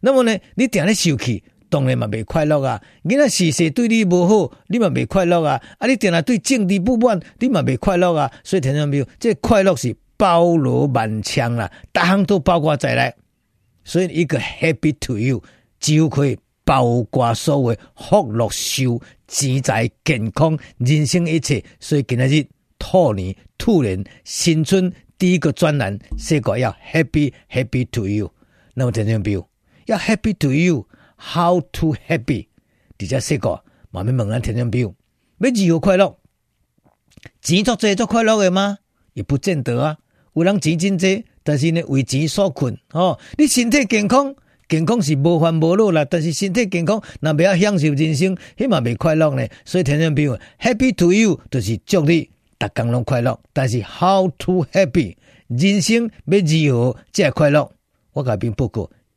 那麼呢，你定嚟受氣，當然嘛，未快樂啊！你那事事對你冇好，你咪未快樂啊！啊，你定嚟對政治不滿，你咪未快樂啊！所以聽到沒有？這個快樂是包羅萬象啦，達行都包括在內。所以一個 Happy to you 就可以包括所有福祿壽、自在、健康、人生一切。所以今日係兔年兔年新春第一個專欄，世國要 Happy Happy to you。那麼聽到沒有？Yeah, happy to you，how to happy？啲只四個，慢慢猛然聽眾朋友，咩如何快樂？錢很多啫就快樂嘅嗎？也不見得啊。有人錢真多，但是呢為錢所困。哦，你身體健康，健康是無煩無惱啦。但是身體健康，那未要享受人生，起碼未快樂呢。所以聽眾朋友，happy to you，就是祝你逐工攏快樂。但是 how to happy？人生咩如何即係快樂？我給恁報告。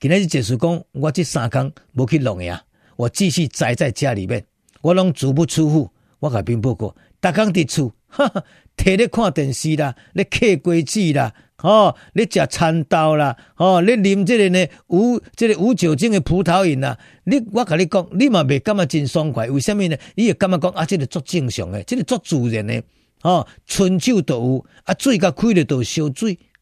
今日就是講，我這三天無去弄嘅啊！我繼續宅在家裏面，我攏足不出戶。我甲兵報過逐天佇厝，摕咧看電視啦，咧嗑瓜子啦，吼、哦，咧食餐刀啦，吼、哦，咧飲這個呢五這個五酒精的葡萄酒啦。你我甲你講，你嘛未感覺真爽快？為什麼呢？伊也感覺講啊，這個足正常嘅，這個足自然嘅，吼、哦，春酒都有，啊，水甲開咧都燒水。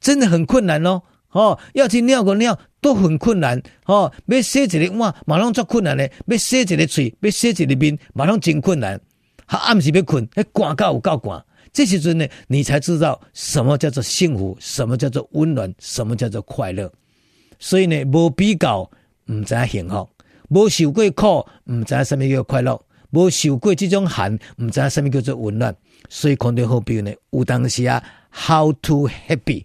真的很困難咯，哦，要去尿個尿都很困難，要洗一個碗，馬上作困難，要洗一個嘴，要洗一個面，馬上真困難。還暗時要困，要寒到有到寒，這時陣呢，你才知道什麼叫做幸福，什麼叫做溫暖，什麼叫做快樂。所以呢，無比較唔知道幸福，無受過苦唔知道什麼叫快樂，無受過這種寒唔知道什麼叫做溫暖。所以相對好比呢，有當時啊，how to happy。